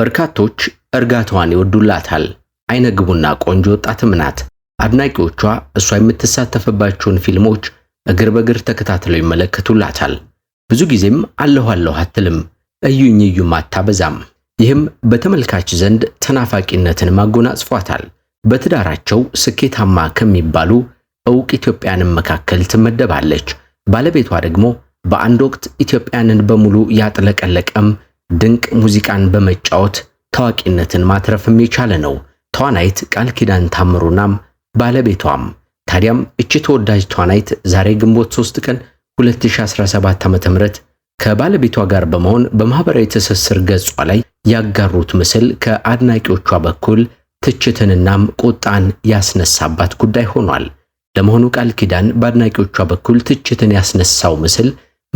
በርካቶች እርጋታዋን ይወዱላታል። አይነ ግቡና ቆንጆ ወጣትም ናት። አድናቂዎቿ እሷ የምትሳተፍባቸውን ፊልሞች እግር በእግር ተከታትለው ይመለከቱላታል። ብዙ ጊዜም አለሁ አለሁ አትልም፣ እዩኝ እዩም አታበዛም። ይህም በተመልካች ዘንድ ተናፋቂነትን ማጎናጽፏታል። በትዳራቸው ስኬታማ ከሚባሉ እውቅ ኢትዮጵያንም መካከል ትመደባለች። ባለቤቷ ደግሞ በአንድ ወቅት ኢትዮጵያንን በሙሉ ያጥለቀለቀም ድንቅ ሙዚቃን በመጫወት ታዋቂነትን ማትረፍም የቻለ ነው። ተዋናይት ቃል ኪዳን ታምሩናም ባለቤቷም። ታዲያም እቺ ተወዳጅ ተዋናይት ዛሬ ግንቦት 3 ቀን 2017 ዓ.ም ከባለቤቷ ጋር በመሆን በማህበራዊ ትስስር ገጿ ላይ ያጋሩት ምስል ከአድናቂዎቿ በኩል ትችትንናም ቁጣን ያስነሳባት ጉዳይ ሆኗል። ለመሆኑ ቃል ኪዳን በአድናቂዎቿ በኩል ትችትን ያስነሳው ምስል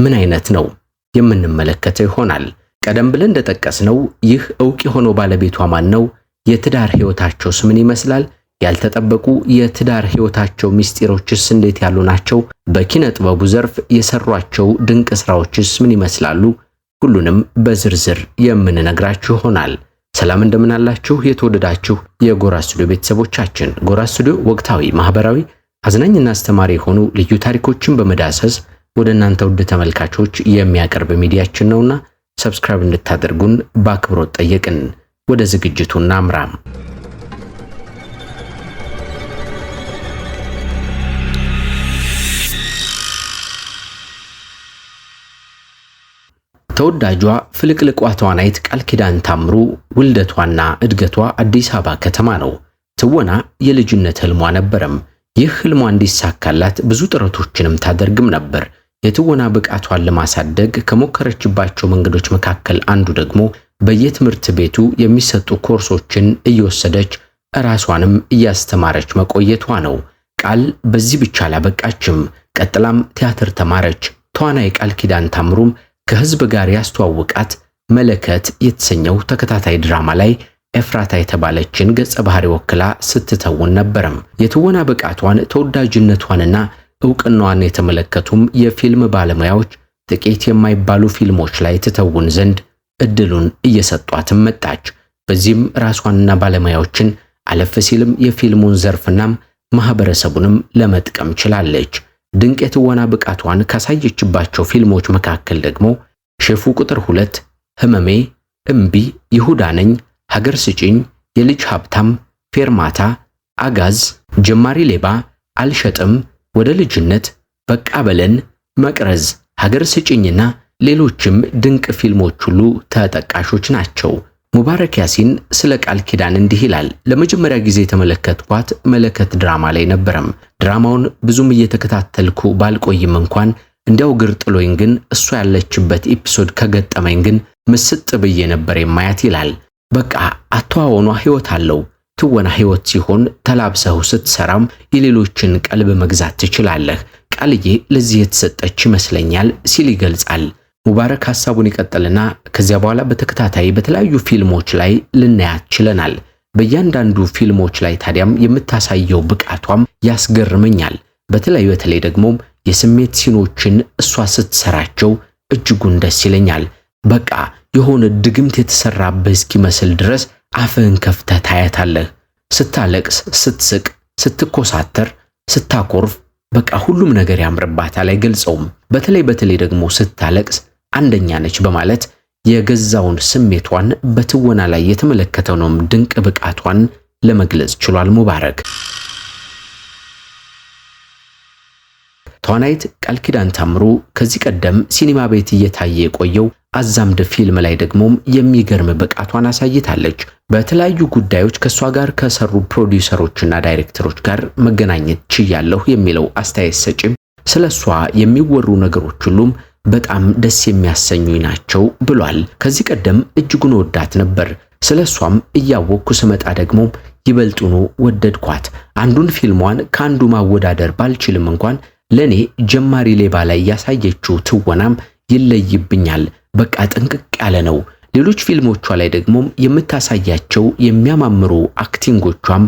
ምን አይነት ነው? የምንመለከተው ይሆናል። ቀደም ብለን እንደጠቀስነው ይህ እውቅ የሆነው ባለቤቷ ማን ነው? የትዳር ህይወታቸውስ ምን ይመስላል? ያልተጠበቁ የትዳር ህይወታቸው ምስጢሮችስ እንዴት ያሉ ናቸው? በኪነ ጥበቡ ዘርፍ የሰሯቸው ድንቅ ስራዎችስ ምን ይመስላሉ? ሁሉንም በዝርዝር የምንነግራችሁ ይሆናል። ሰላም እንደምናላችሁ የተወደዳችሁ የጎራ ስቱዲዮ ቤተሰቦቻችን። ጎራ ስቱዲዮ ወቅታዊ፣ ማህበራዊ፣ አዝናኝና አስተማሪ የሆኑ ልዩ ታሪኮችን በመዳሰስ ወደ እናንተ ውድ ተመልካቾች የሚያቀርብ ሚዲያችን ነውና ሰብስክራይብ እንድታደርጉን በአክብሮት ጠየቅን። ወደ ዝግጅቱ እናምራም። ተወዳጇ ፍልቅልቋ ተዋናይት ቃል ኪዳን ታምሩ ውልደቷና እድገቷ አዲስ አበባ ከተማ ነው። ትወና የልጅነት ህልሟ ነበረም። ይህ ህልሟ እንዲሳካላት ብዙ ጥረቶችንም ታደርግም ነበር። የትወና ብቃቷን ለማሳደግ ከሞከረችባቸው መንገዶች መካከል አንዱ ደግሞ በየትምህርት ቤቱ የሚሰጡ ኮርሶችን እየወሰደች እራሷንም እያስተማረች መቆየቷ ነው። ቃል በዚህ ብቻ አላበቃችም። ቀጥላም ቲያትር ተማረች። ተዋናይ ቃል ኪዳን ታምሩም ከህዝብ ጋር ያስተዋወቃት መለከት የተሰኘው ተከታታይ ድራማ ላይ ኤፍራታ የተባለችን ገጸ ባህሪ ወክላ ስትተውን ነበረም። የትወና ብቃቷን ተወዳጅነቷንና እውቅናዋን የተመለከቱም የፊልም ባለሙያዎች ጥቂት የማይባሉ ፊልሞች ላይ ትተውን ዘንድ እድሉን እየሰጧትም መጣች። በዚህም ራሷንና ባለሙያዎችን አለፍ ሲልም የፊልሙን ዘርፍናም ማህበረሰቡንም ለመጥቀም ችላለች። ድንቅ የትወና ብቃቷን ካሳየችባቸው ፊልሞች መካከል ደግሞ ሼፉ ቁጥር ሁለት፣ ህመሜ፣ እምቢ፣ ይሁዳ ነኝ፣ ሀገር ስጭኝ፣ የልጅ ሀብታም፣ ፌርማታ፣ አጋዝ፣ ጀማሪ ሌባ፣ አልሸጥም ወደ ልጅነት፣ በቃ በለን፣ መቅረዝ፣ ሀገር ስጭኝና ሌሎችም ድንቅ ፊልሞች ሁሉ ተጠቃሾች ናቸው። ሙባረክ ያሲን ስለ ቃል ኪዳን እንዲህ ይላል። ለመጀመሪያ ጊዜ የተመለከትኳት መለከት ድራማ ላይ ነበረም። ድራማውን ብዙም እየተከታተልኩ ባልቆይም እንኳን እንዲያው ግር ጥሎኝ ግን እሷ ያለችበት ኤፒሶድ ከገጠመኝ ግን ምስጥ ብዬ ነበር የማያት ይላል። በቃ አተዋወኗ ህይወት አለው ትወና ህይወት ሲሆን ተላብሰው ስትሰራም የሌሎችን ቀልብ መግዛት ትችላለህ። ቃልዬ ለዚህ የተሰጠች ይመስለኛል ሲል ይገልጻል። ሙባረክ ሐሳቡን ይቀጥልና ከዚያ በኋላ በተከታታይ በተለያዩ ፊልሞች ላይ ልናያት ችለናል። በእያንዳንዱ ፊልሞች ላይ ታዲያም የምታሳየው ብቃቷም ያስገርመኛል። በተለይ በተለይ ደግሞ የስሜት ሲኖችን እሷ ስትሰራቸው እጅጉን ደስ ይለኛል። በቃ የሆነ ድግምት የተሰራበት እስኪመስል ድረስ አፍህን ከፍተህ ታያታለህ። ስታለቅስ፣ ስትስቅ፣ ስትኮሳተር፣ ስታኮርፍ በቃ ሁሉም ነገር ያምርባታል። አይገልጸውም። በተለይ በተለይ ደግሞ ስታለቅስ አንደኛ ነች በማለት የገዛውን ስሜቷን በትወና ላይ የተመለከተውንም ድንቅ ብቃቷን ለመግለጽ ችሏል ሙባረክ። ተዋናይት ቃል ኪዳን ታምሩ ከዚህ ቀደም ሲኒማ ቤት እየታየ የቆየው አዛምድ ፊልም ላይ ደግሞም የሚገርም ብቃቷን አሳይታለች። በተለያዩ ጉዳዮች ከእሷ ጋር ከሰሩ ፕሮዲውሰሮችና ዳይሬክተሮች ጋር መገናኘት ችያለሁ የሚለው አስተያየት ሰጪም ስለ እሷ የሚወሩ ነገሮች ሁሉም በጣም ደስ የሚያሰኙ ናቸው ብሏል። ከዚህ ቀደም እጅጉን ወዳት ነበር። ስለ እሷም እያወቅኩ ስመጣ ደግሞ ይበልጡኑ ወደድኳት። አንዱን ፊልሟን ከአንዱ ማወዳደር ባልችልም እንኳን ለእኔ ጀማሪ ሌባ ላይ ያሳየችው ትወናም ይለይብኛል። በቃ ጥንቅቅ ያለ ነው። ሌሎች ፊልሞቿ ላይ ደግሞ የምታሳያቸው የሚያማምሩ አክቲንጎቿም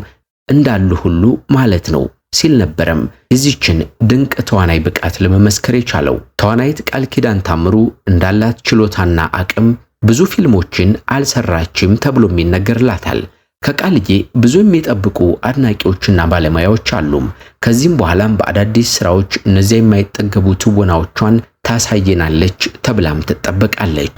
እንዳሉ ሁሉ ማለት ነው ሲል ነበረም የዚችን ድንቅ ተዋናይ ብቃት ለመመስከር የቻለው። ተዋናይት ቃል ኪዳን ታምሩ እንዳላት ችሎታና አቅም ብዙ ፊልሞችን አልሰራችም ተብሎም ይነገርላታል። ከቃልዬ ብዙ የሚጠብቁ አድናቂዎችና ባለሙያዎች አሉም። ከዚህም በኋላም በአዳዲስ ስራዎች እነዚያ የማይጠገቡ ትወናዎቿን ታሳየናለች ተብላም ትጠበቃለች።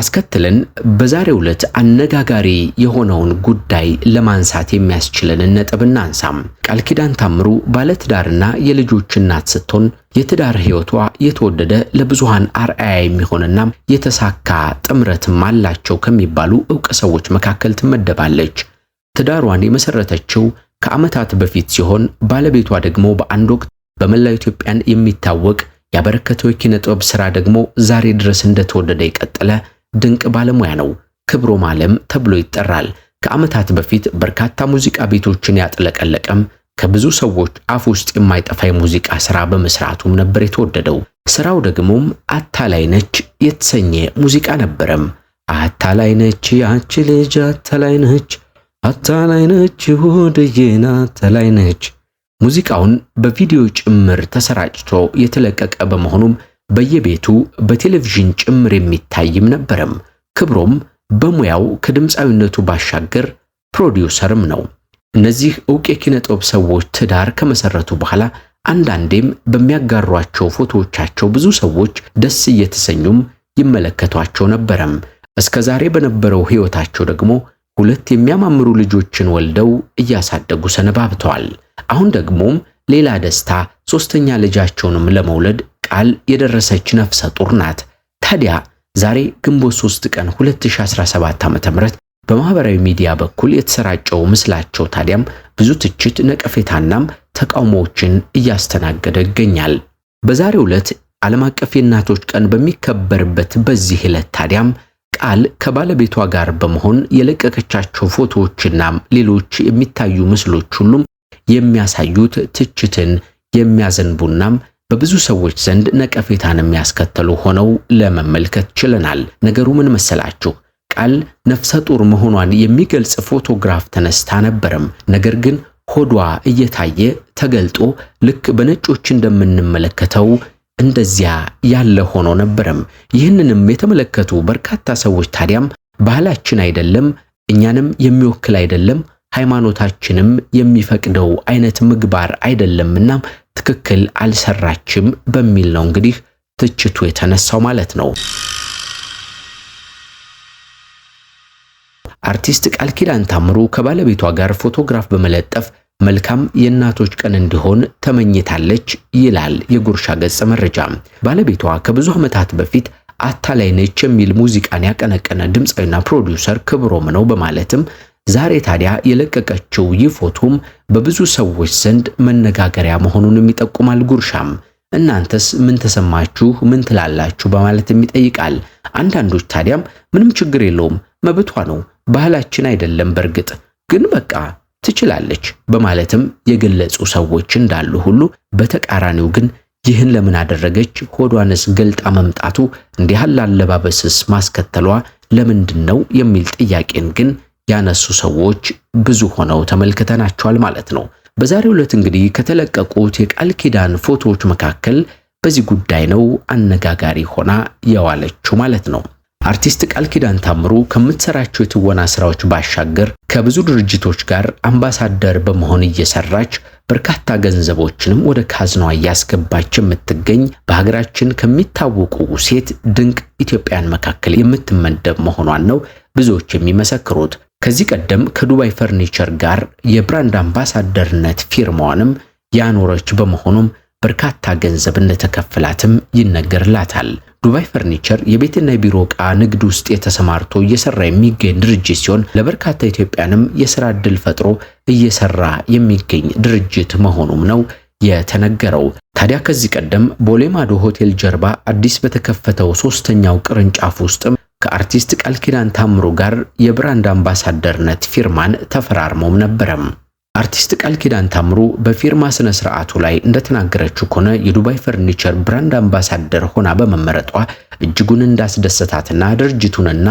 አስከትለን በዛሬው ዕለት አነጋጋሪ የሆነውን ጉዳይ ለማንሳት የሚያስችለንን ነጥብ እናንሳም። ቃል ኪዳን ታምሩ ባለትዳርና የልጆች እናት ስትሆን የትዳር ሕይወቷ የተወደደ ለብዙሃን አርአያ የሚሆንና የተሳካ ጥምረትም አላቸው ከሚባሉ ዕውቅ ሰዎች መካከል ትመደባለች። ትዳሯን የመሰረተችው ከዓመታት በፊት ሲሆን ባለቤቷ ደግሞ በአንድ ወቅት በመላው ኢትዮጵያን የሚታወቅ ያበረከተው የኪነ ጥበብ ስራ ደግሞ ዛሬ ድረስ እንደተወደደ የቀጠለ ድንቅ ባለሙያ ነው። ክብሮም ዓለም ተብሎ ይጠራል። ከዓመታት በፊት በርካታ ሙዚቃ ቤቶችን ያጥለቀለቀም ከብዙ ሰዎች አፍ ውስጥ የማይጠፋ የሙዚቃ ስራ በመስራቱም ነበር የተወደደው። ስራው ደግሞም አታላይ ነች የተሰኘ ሙዚቃ ነበረም። አታላይ ነች ያቺ ልጅ አታላይ ነች፣ አታላይ ነች፣ ይሁድዬን አታላይ ነች ሙዚቃውን በቪዲዮ ጭምር ተሰራጭቶ የተለቀቀ በመሆኑም በየቤቱ በቴሌቪዥን ጭምር የሚታይም ነበረም። ክብሮም በሙያው ከድምፃዊነቱ ባሻገር ፕሮዲውሰርም ነው። እነዚህ እውቅ የኪነጥበብ ሰዎች ትዳር ከመሰረቱ በኋላ አንዳንዴም በሚያጋሯቸው ፎቶዎቻቸው ብዙ ሰዎች ደስ እየተሰኙም ይመለከቷቸው ነበረም። እስከዛሬ በነበረው ሕይወታቸው ደግሞ ሁለት የሚያማምሩ ልጆችን ወልደው እያሳደጉ ሰነባብተዋል። አሁን ደግሞም ሌላ ደስታ ሶስተኛ ልጃቸውንም ለመውለድ ቃል የደረሰች ነፍሰ ጡር ናት። ታዲያ ዛሬ ግንቦት 3 ቀን 2017 ዓ.ም በማህበራዊ ሚዲያ በኩል የተሰራጨው ምስላቸው ታዲያም ብዙ ትችት ነቀፌታናም ተቃውሞዎችን እያስተናገደ ይገኛል። በዛሬው ዕለት ዓለም አቀፍ የእናቶች ቀን በሚከበርበት በዚህ ዕለት ታዲያም ቃል ከባለቤቷ ጋር በመሆን የለቀቀቻቸው ፎቶዎችና ሌሎች የሚታዩ ምስሎች ሁሉም የሚያሳዩት ትችትን የሚያዘንቡናም በብዙ ሰዎች ዘንድ ነቀፌታን የሚያስከተሉ ሆነው ለመመልከት ችለናል። ነገሩ ምን መሰላችሁ? ቃል ነፍሰ ጡር መሆኗን የሚገልጽ ፎቶግራፍ ተነስታ ነበርም። ነገር ግን ሆዷ እየታየ ተገልጦ ልክ በነጮች እንደምንመለከተው እንደዚያ ያለ ሆኖ ነበርም። ይህንንም የተመለከቱ በርካታ ሰዎች ታዲያም ባህላችን አይደለም፣ እኛንም የሚወክል አይደለም ሃይማኖታችንም የሚፈቅደው አይነት ምግባር አይደለምና ትክክል አልሰራችም በሚል ነው እንግዲህ ትችቱ የተነሳው ማለት ነው። አርቲስት ቃል ኪዳን ታምሩ ከባለቤቷ ጋር ፎቶግራፍ በመለጠፍ መልካም የእናቶች ቀን እንዲሆን ተመኝታለች ይላል የጉርሻ ገጽ መረጃ። ባለቤቷ ከብዙ ዓመታት በፊት አታላይ ነች የሚል ሙዚቃን ያቀነቀነ ድምፃዊና ፕሮዲውሰር ክብሮም ነው በማለትም ዛሬ ታዲያ የለቀቀችው ይህ ፎቶም በብዙ ሰዎች ዘንድ መነጋገሪያ መሆኑን ይጠቁማል። ጉርሻም እናንተስ ምን ተሰማችሁ? ምን ትላላችሁ? በማለት ይጠይቃል። አንዳንዶች ታዲያም ምንም ችግር የለውም መብቷ ነው፣ ባህላችን አይደለም፣ በእርግጥ ግን በቃ ትችላለች በማለትም የገለጹ ሰዎች እንዳሉ ሁሉ በተቃራኒው ግን ይህን ለምን አደረገች? ሆዷንስ ገልጣ መምጣቱ እንዲህ ያለ አለባበስስ ማስከተሏ ለምንድን ነው የሚል ጥያቄን ግን ያነሱ ሰዎች ብዙ ሆነው ተመልክተናቸዋል ማለት ነው። በዛሬው ዕለት እንግዲህ ከተለቀቁት የቃል ኪዳን ፎቶዎች መካከል በዚህ ጉዳይ ነው አነጋጋሪ ሆና የዋለችው ማለት ነው። አርቲስት ቃል ኪዳን ታምሩ ከምትሰራቸው የትወና ስራዎች ባሻገር ከብዙ ድርጅቶች ጋር አምባሳደር በመሆን እየሰራች በርካታ ገንዘቦችንም ወደ ካዝናዋ እያስገባች የምትገኝ በሀገራችን ከሚታወቁ ሴት ድንቅ ኢትዮጵያን መካከል የምትመደብ መሆኗን ነው ብዙዎች የሚመሰክሩት። ከዚህ ቀደም ከዱባይ ፈርኒቸር ጋር የብራንድ አምባሳደርነት ፊርማዋንም ያኖረች በመሆኑም በርካታ ገንዘብ እንደተከፈላትም ይነገርላታል። ዱባይ ፈርኒቸር የቤትና የቢሮ ዕቃ ንግድ ውስጥ የተሰማርቶ እየሰራ የሚገኝ ድርጅት ሲሆን ለበርካታ ኢትዮጵያንም የስራ ዕድል ፈጥሮ እየሰራ የሚገኝ ድርጅት መሆኑም ነው የተነገረው። ታዲያ ከዚህ ቀደም ቦሌ ማዶ ሆቴል ጀርባ አዲስ በተከፈተው ሶስተኛው ቅርንጫፍ ውስጥም ከአርቲስት ቃል ኪዳን ታምሩ ጋር የብራንድ አምባሳደርነት ፊርማን ተፈራርመውም ነበረም። አርቲስት ቃል ኪዳን ታምሩ በፊርማ ስነ ስርዓቱ ላይ እንደተናገረችው ከሆነ የዱባይ ፈርኒቸር ብራንድ አምባሳደር ሆና በመመረጧ እጅጉን እንዳስደሰታትና ድርጅቱንና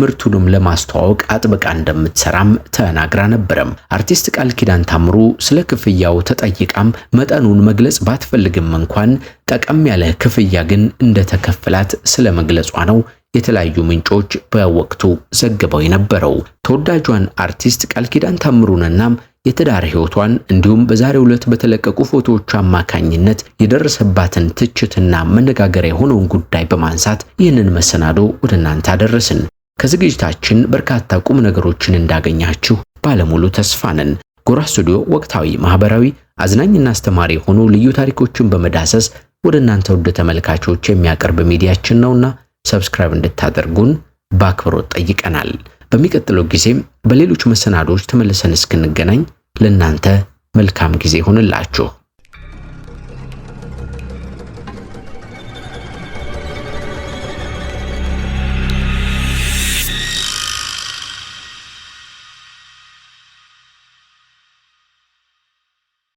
ምርቱንም ለማስተዋወቅ አጥብቃ እንደምትሰራም ተናግራ ነበረም። አርቲስት ቃል ኪዳን ታምሩ ስለ ክፍያው ተጠይቃም መጠኑን መግለጽ ባትፈልግም እንኳን ጠቀም ያለ ክፍያ ግን እንደተከፈላት ስለ መግለጿ ነው የተለያዩ ምንጮች በወቅቱ ዘግበው የነበረው። ተወዳጇን አርቲስት ቃል ኪዳን የትዳር ህይወቷን እንዲሁም በዛሬው ዕለት በተለቀቁ ፎቶዎች አማካኝነት የደረሰባትን ትችትና መነጋገሪያ የሆነውን ጉዳይ በማንሳት ይህንን መሰናዶ ወደ እናንተ አደረስን። ከዝግጅታችን በርካታ ቁም ነገሮችን እንዳገኛችሁ ባለሙሉ ተስፋ ነን። ጎራ ስቱዲዮ ወቅታዊ፣ ማህበራዊ፣ አዝናኝና አስተማሪ የሆኑ ልዩ ታሪኮችን በመዳሰስ ወደ እናንተ ውድ ተመልካቾች የሚያቀርብ ሚዲያችን ነውና ሰብስክራይብ እንድታደርጉን በአክብሮት ጠይቀናል። በሚቀጥለው ጊዜም በሌሎች መሰናዶዎች ተመልሰን እስክንገናኝ ለእናንተ መልካም ጊዜ ይሁንላችሁ።